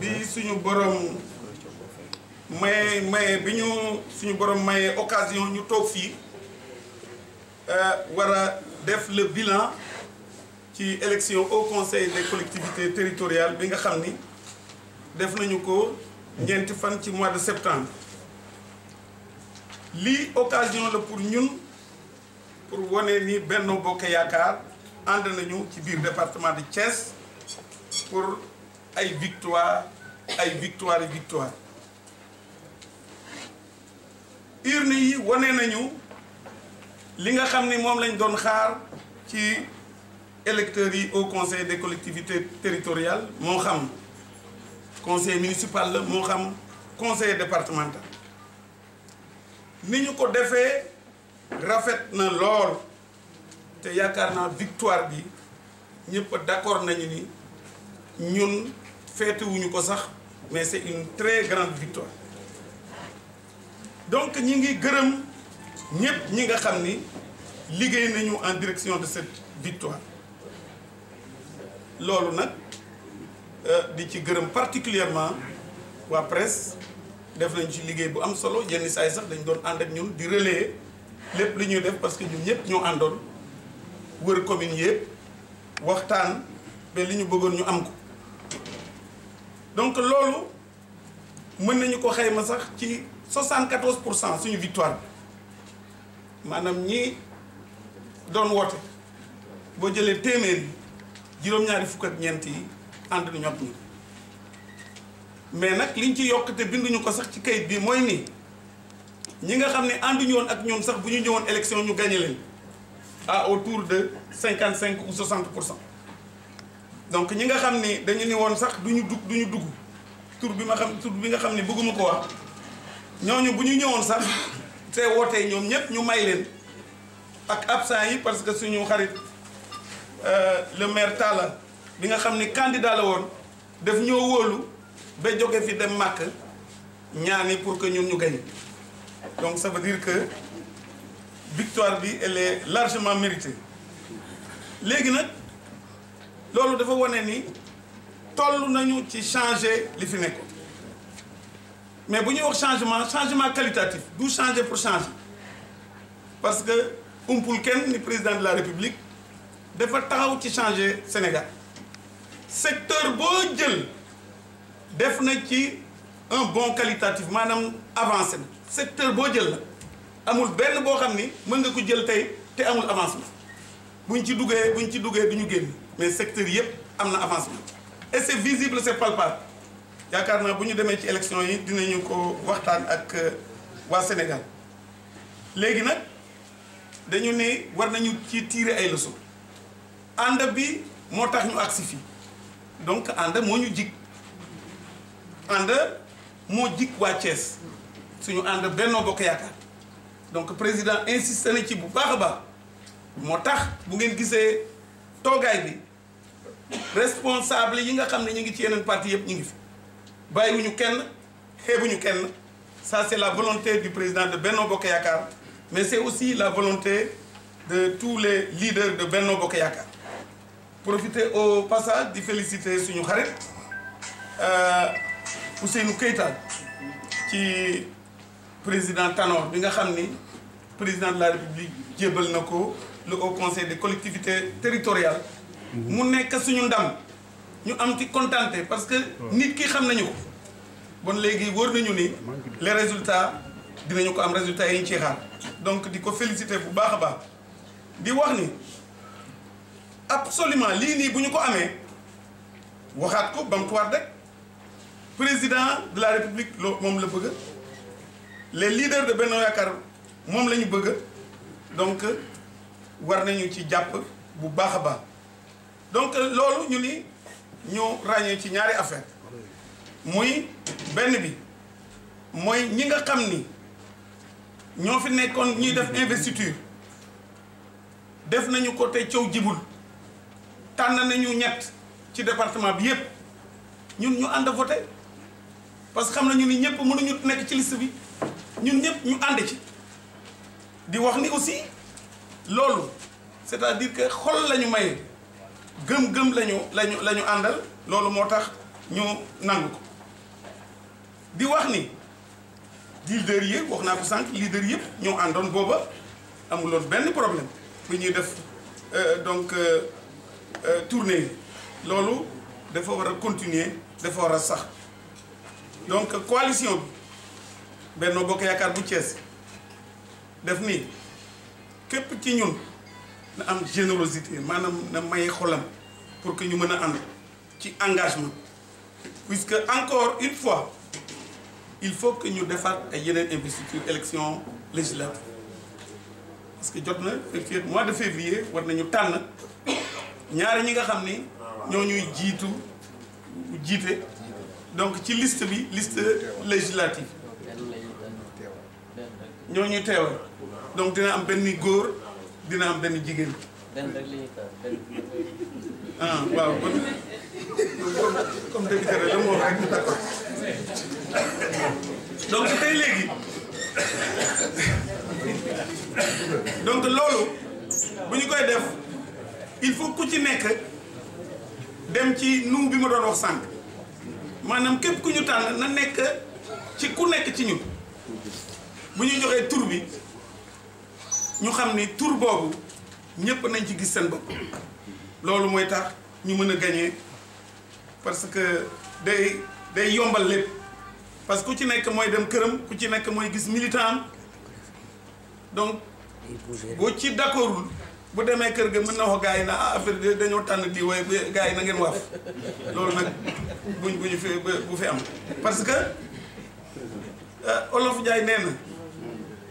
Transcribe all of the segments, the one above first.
bi suñu borom maye maye bi ñu suñu borom maye occasion ñu toog fii eh, wara def le bilan ci élection au conseil des collectivités territoriales bi nga xam ni def nañu ko ñeenti fan ci mois de septembre lii occasion la pour ñun pour wone ni Benno Bokk Yaakaar ànd nañu ci biir département de Thiès pour ay victoire ay victoire yi victoire urne yi wane nañu li nga xam ni moom lañ doon xaar ci électeurs yi au conseil des collectivité territoriales moo xam conseil municipal la moo xam conseil départemental ni ñu ko defee rafet na lool te yaakaar naa victoire bi ñëpp d'accord nañu ni ñun feetuwuñu ko sax mais c'est une très grande victoire donc ñi ngi gërëm ñëpp ñi nga xam ni liggéey nañu en direction de cette victoire loolu nag euh, di ci gërëm particulièrement waa presse def nañ ci liggéey bu am solo yenn saay sax dañ doon ànd ak ñun di relayer lépp li ñuy def parce que ñun ñëpp ñoo àndoon wër commune yëpp waxtaan ba li ñu bëggoon ñu am ko donc loolu mën nañu ko xayma sax ci 74 pour cent suñu victoire bi maanaam ñi doon woote boo jëlee téeméer yi juróom-ñaari fukk ak ñeent yi ànd nañu ak ñu mais nag liñ ci yokk te ñu ko sax ci kayit bi mooy nii ñi nga xam ne ànduñu woon ak ñoom sax bu ñu ñëwoon élection ñu gagné leen à autour de cinq ou 60 pour cent. donc ñi nga xam ni dañu ni woon sax duñu dugg duñu dugg tur bi ma xam tur bi nga xam ni bëgguma ko wax ñooñu bu ñu ñëwoon sax te wootee ñoom ñëpp ñu may leen ak absent yi parce que suñu xarit euh, le maire Talla bi nga xam ni candidat la woon def ñoo wóolu ba jóge fi dem màkk ñaani pour que ñun ñu gañ donc ça veut dire que victoire bi elle est largement méritée léegi nag loolu dafa wane ni toll nañu ci changer li fi nekkoon mais bu ñuy wax changement changement qualitatif du changer pour changer parce que umpul kenn ni président de la république dafa taxaw ci changer Sénégal secteur boo jël def na ci un bon qualitatif maanaam avancé na secteur boo jël na amul benn boo xam ni mën nga ko jël tey te amul avancement buñ ci duggee buñ ci duggee du ñu génn. mais secteur yëpp am na avancement et c'est visible c'est palpable yaakaar naa bu ñu demee ci élection yi dinañu ko waxtaan ak euh, waa Sénégal léegi nag dañu ne war nañu ci tirer ay leçons ànd bi moo tax ñu agsi fii donc ànd moo ñu jig ànd moo jig waa Thiès suñu ànd Benno Bokk Yaakaar donc président insisté na ci bu baax a baax moo tax bu ngeen gisee toogaay bi responsable yi nga xam ne ñu ngi ci yeneen parti yëpp ñu ngi fi bàyyiwuñu kenn xeebuñu kenn ça c'est la volonté du président de Benno Bokk Yaakaar mais c'est aussi la volonté de tous les leaders de Benno Bokk Yaakaar profiter au passage di féliciter suñu xarit euh, Ousseynou Keita ci président Tanor bi nga xam ni président de la République jébbal na ko le Haut Conseil des collectivités territoriales mu nekk suñu ndam ñu am ci kontante parce que nit ki xam nañu ko bon léegi wóor nañu ni les résultats dinañu ko am résultats yi ñu ci xaar donc di ko féliciter bu baax a baax di wax ni absolument lii nii bu ñu ko amee waxaat ko bamtuwaat rek président de la république loo moom la bëgg les leaders de Benno Yaakaar moom la ñu bëgg donc war nañu ci jàpp bu baax a baax donc loolu ñu ni ñu ràññee ci ñaari affaire muy benn bi mooy ñi nga xam ni ñoo fi nekkoon ñuy def investiture def nañu ko te coow jibul tànn nañu ñett ci département bi yépp ñun ñu ànd voté parce que xam nañu ni ñëpp mënuñu nekk ci liste bi ñun ñëpp ñu ànd ci di wax ni aussi loolu c'est-à-dire que xol lañu maye gëm-gëm lañu lañu la ñu àndal loolu moo tax ñu nangu ko di wax ni leader yi wax naa ko sànq leader yëpp ñoo àndoon booba amuloon benn problème bu ñuy def euh, donc euh, euh, tournée yi loolu dafa war a continuer dafa war a sax donc coalition bi Benno Bokk Yaakaar bu Thiès def nii képp ci ñun na am générosité maanaam na may xolam pour que ñu mën a ànd ci engagement que encore une fois il faut que ñu defaat ay yeneen investiture élection législative parce que jot na février mois de février war nañu tànn ñaari ñi nga xam ni ñoo ñuy jiitu jiite donc ci liste bi list législative ñoo ñuy teewal donc dina am benn góor dina am benn jigéen. benn rek la ñuy taal benn. ah la mu wax rek mu d'accord donc tey léegi donc loolu bu ñu koy def il faut ku ci nekk dem ci nu bi ma doon wax sànq maanaam képp ku ñu tànn na nekk ci ku nekk ci ñun bu ñu joxee tur bi. ñu xam ni tur boobu ñépp nañ ci gis seen bopp loolu mooy tax ñu mën a gañee parce que day day yombal lépp parce que ku ci nekk mooy dem këram ku ci nekk mooy gis militant am donc boo ci d'accordul bu demee kër ga mën na wax gars yi na ah affaire dañoo tànn di waaye gars yi na ngeen waaf loolu nag buñ bu fi am parce que euh, olof Njaay nee na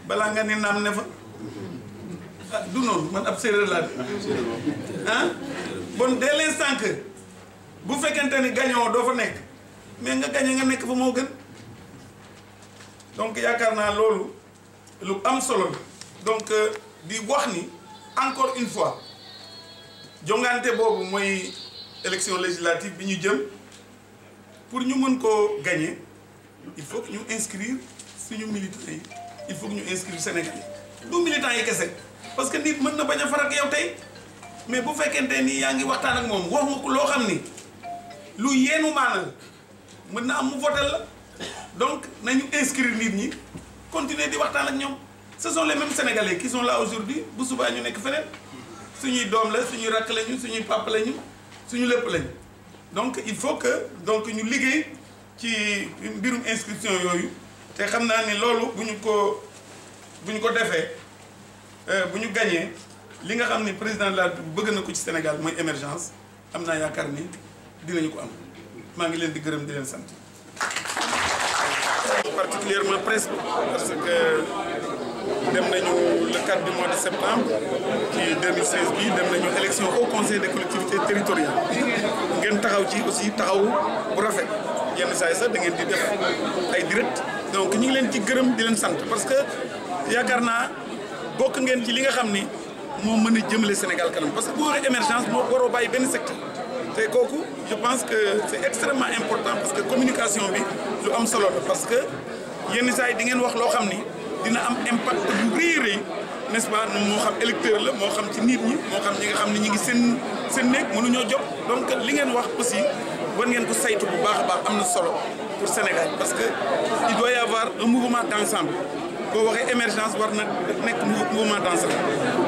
balaa nga ne naam ne fa Ah, du noonu man ab séeréer laa de ah bon dès l'instant que bu fekkente ni gagnoo doo fa nekk mais nga gañe nga nekk fa moo gën donc yaakaar naa loolu lu am solo la donc euh, di wax ni encore une fois jongante boobu mooy élection législative bi ñu jëm pour ñu mën koo gagner il faut que ñu inscrire suñu militants yi il faut ñu inscrire Sénégal du militants yi kese parce que nit mën na bañ a faral yow tey mais bu fekkente nii yaa ngi waxtaan ak moom wax loo xam ni lu yeenu maanal mën na am mu votel la donc nañu inscrire nit ñi continuer di waxtaan ak ñoom ce sont les mêmes sénégalais qui sont là aujourd'hui bu subaa ñu nekk feneen suñuy doom la suñuy rakk lañu suñuy papa lañu suñu lépp lañu donc il faut que donc ñu liggéey ci mbirum inscription yooyu te xam naa ni loolu bu ñu ko bu ñu ko defee. Euh, bu ñu gañee li nga xam ne président de bu bëgg na ko ci Sénégal mooy émergence am naa yaakaar ni dinañu ko am maa ngi leen di gërëm di leen sant. particulièrement presse parce que dem nañu le 4 du mois de septembre ci 2016 bi dem nañu élection au conseil des collectivités territoriales ngeen taxaw ci aussi taxaw bu rafet yenn saa yi sax da ngeen di def ay direct donc ñu ngi leen ci gërëm di leen sant parce que yaakaar naa. bokk ngeen ci li nga xam ni moo mën a jëmale Sénégal kanam parce que bu waree émergence moo waroo bàyyi benn secteur te kooku je pense que c'est extrêmement important parce que communication bi lu am solo la parce que yenn saa yi di ngeen wax loo xam ni dina am impact bu rëy rëy n'est-ce moo xam électeur la moo xam ci nit ñi moo xam ñi nga xam ni ñi ngi seen seen néeg mënuñoo jóg donc li ngeen wax aussi war ngeen ko saytu bu baax a baax am na solo pour Sénégal parce que il doit y avoir un mouvement d'ensemble boo waxee émergence war na nekk mouvement dansant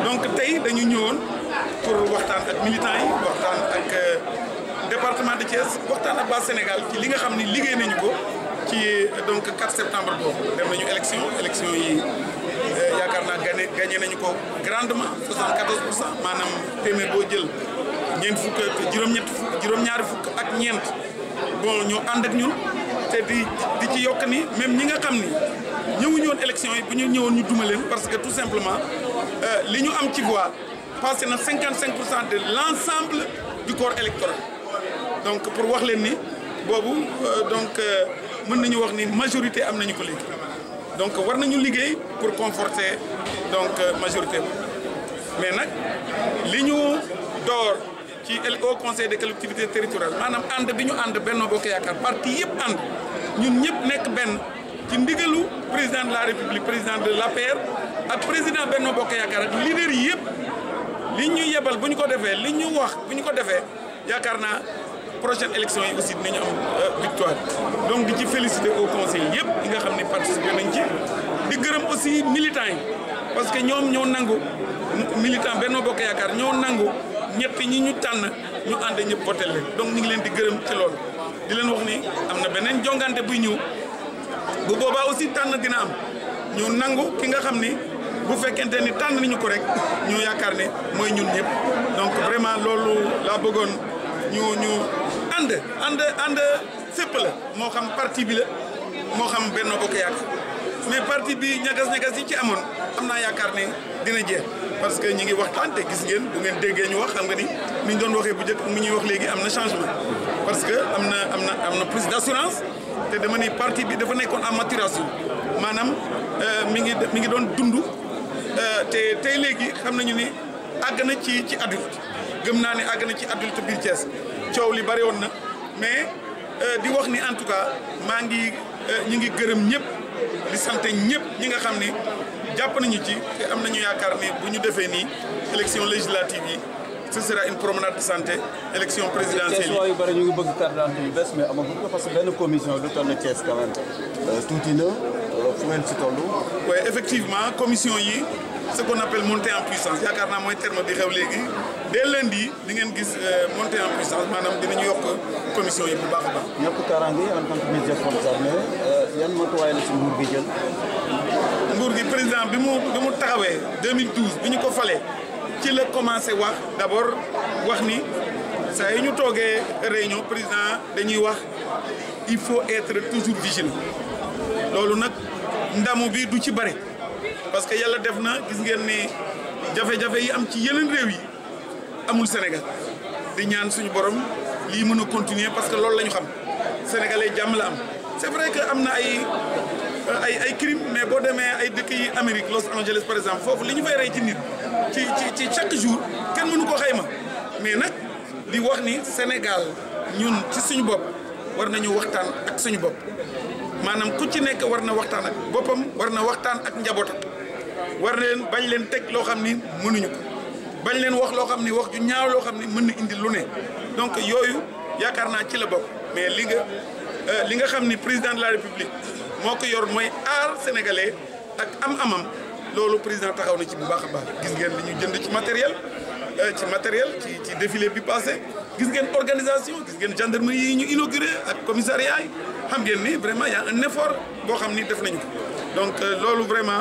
donc tey dañu ñëwoon pour waxtaan ak militants yi waxtaan ak euh, département de Thiès waxtaan ak base Sénégal ci li nga xam ni liggéey nañu ko ci euh, donc 4 septembre boobu dem nañu élection élection yi euh, yaakaar naa gagné nañu ko grandement 74 pour cent maanaam téeméer boo jël ñeent fukk ak fukk juróom-ñaari fukk ak ñeent bon ñoo ànd ak ñun te di di ci yokk ni même ñi nga xam ni ñëwuñu woon élection yi bu ñu ñëwoon ñu duma leen parce que tout simplement euh, li ñu am ci voix passé na 55 pour cent de l' ensemble du corps électoral donc pour wax leen ni boobu euh, donc euh, mën nañu wax ni majorité am nañu ko léegi donc war nañu liggéey pour conforter donc majorité mais nag li ñu door ci au conseil des collectivités territoriales maanaam ànd bi ñu ànd Benno Bokk Yaakaar parti yëpp ànd ñun ñëpp nekk benn ci ndigalu. président de la république président de l'APR ak président Benno Bokk Yaakaar ak leader yi yëpp li ñu yebal bu ñu ko defee li ñu wax bu ñu ko defee yaakaar naa prochaine élection yi aussi dinañu am euh, victoire donc di ci féliciter au conseil yëpp yi nga xam ne participer nañ ci di gërëm aussi militants yi parce que ñoom ñoo nangu militant Benno Bokk Yaakaar ñoo nangu ñett ñi ñu tànn ñu ànd ñëpp voté leen donc ñu ngi leen di gërëm ci loolu di leen wax ni am na beneen jongante buy ñëw. bu boobaa aussi tànn dina am ñu nangu ki nga xam ni bu fekkente ni tànn nañu ko rek ñu yaakaar ne mooy ñun ñëpp donc vraiment loolu laa bëggoon ñu ñu ànd ànd ànd fépp la moo xam parti bi la moo xam benn Bokk Yaakaar mais parti bi ñagas-ñagas yi ci amoon am naa yaakaar ne dina jeex parce que ñu ngi wax te gis ngeen bu ngeen déggee ñu wax am nga ni ni ñu doon waxee bu njëkk mu ñuy wax léegi am na changement parce que am na am na am na plus d' assurance te dama ni parti bi dafa nekkoon en maturation maanaam euh, mi ngi mi ngi doon dund euh, te tey léegi xam nañu ni àgg na ci ci adulte gëm naa ne àgg na ci adulte biir Thiès coow li bari woon na mais euh, di wax ni en tout cas maa ngi ñi ngi gërëm ñëpp di sant ñëpp ñi nga xam ni jàpp nañu ci te am nañu yaakaar ne bu ñu defee nii élection législative yi. ce sera une promenade de santé élection présidentielle yi. yu ñu ngi bëgg carte d'identité yu mais amaguñ parce que benn commission du toll na Thiès quand euh, tuuti na euh, fu ngeen si toll. oui effectivement commission yi ce qu'on appelle montée en puissance yaakaar naa mooy terme bi xew léegi dès lundi di ngeen gis euh, montée en puissance maanaam dinañu yokk commission yi bu baax a baax. ñàkk kaaraange en tant que ministre gi jël. nguur gi président bi mu bi mu taxawee 2012 bi ñu ko falee. ci la commencé wax d'abord wax ni saa yi ñu toogee réunion président dañuy wax il faut être toujours vigilant loolu nag ndamu bi du ci bare parce que yàlla def na gis ngeen ni jafe-jafe yi am ci yeneen réew yi amul Sénégal di ñaan suñu borom lii mën a continuer parce que loolu la ñu xam sénégalais jàmm la am. c'est vrai que am na ay euh, ay ay crime mais boo demee ay dëkk yi Amérique Los Angeles par exemple foofu li ñu fay rey ci nit ci ci ci chaque jour kenn mënu ko xayma mais nag di wax ni Sénégal ñun ci suñu bopp war nañu waxtaan ak suñu bopp maanaam ku ci nekk war na waxtaan ak boppam war na waxtaan ak njabootam war leen bañ leen teg loo xam ni mënuñu ko bañ leen wax loo xam ni wax ju ñaaw loo xam ni mën na indi lu ne donc yooyu yaakaar naa ci la bopp mais li Euh, li nga xam ni président de la république moo ko yor mooy aar sénégalais ak am-amam loolu président taxaw na ci bu baax a baax gis ngeen li ñu jënd ci matériel euh, ci matériel ci ci défilé bi passé gis ngeen organisation gis ngeen gendarmerie yi ñu inauguré ak commissariat yi xam ngeen ni vraiment y a un boo xam ni def nañu ko donc euh, loolu vraiment.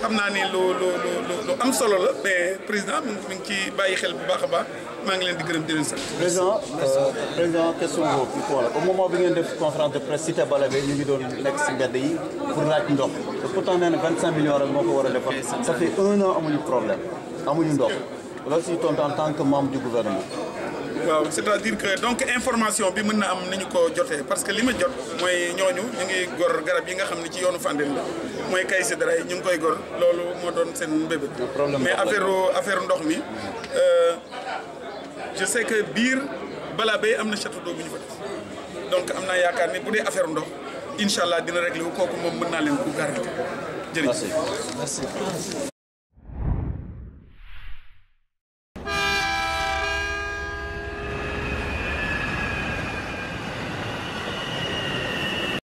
xam naa ni lu lu am solo la mais président mi ngi ciy xel bu baax a baax maa ngi leen di gërëm di leen sant. président euh, président question boobu quoi au moment bi ngeen def conférence de presse cité Balabé ñu ngi doon nekk si mbedd yi pour laaj ndox te pourtant nee na 25 millions rek moo ko war a defar. ça fait un an amuñu problème amuñu ndox. loolu tant que membre du gouvernement. waaw c'est-à-dire que donc information bi mën na am nañu ko jotee parce que li ma jot mooy ñooñu ñu ngi gor garab yi nga xam ne ci yoonu Fandène la mooy kay si dara ñu ngi koy gor loolu moo doon seen mbébét mais affaire affaire ndox mi euh, je sais que biir balaa bay am na château d'eau bu ñu fa def donc am naa yaakaar ne bu dee affaire ndox incha allah dina réglé wu kooku moom mën naa leen ko garanti jërëjëf merci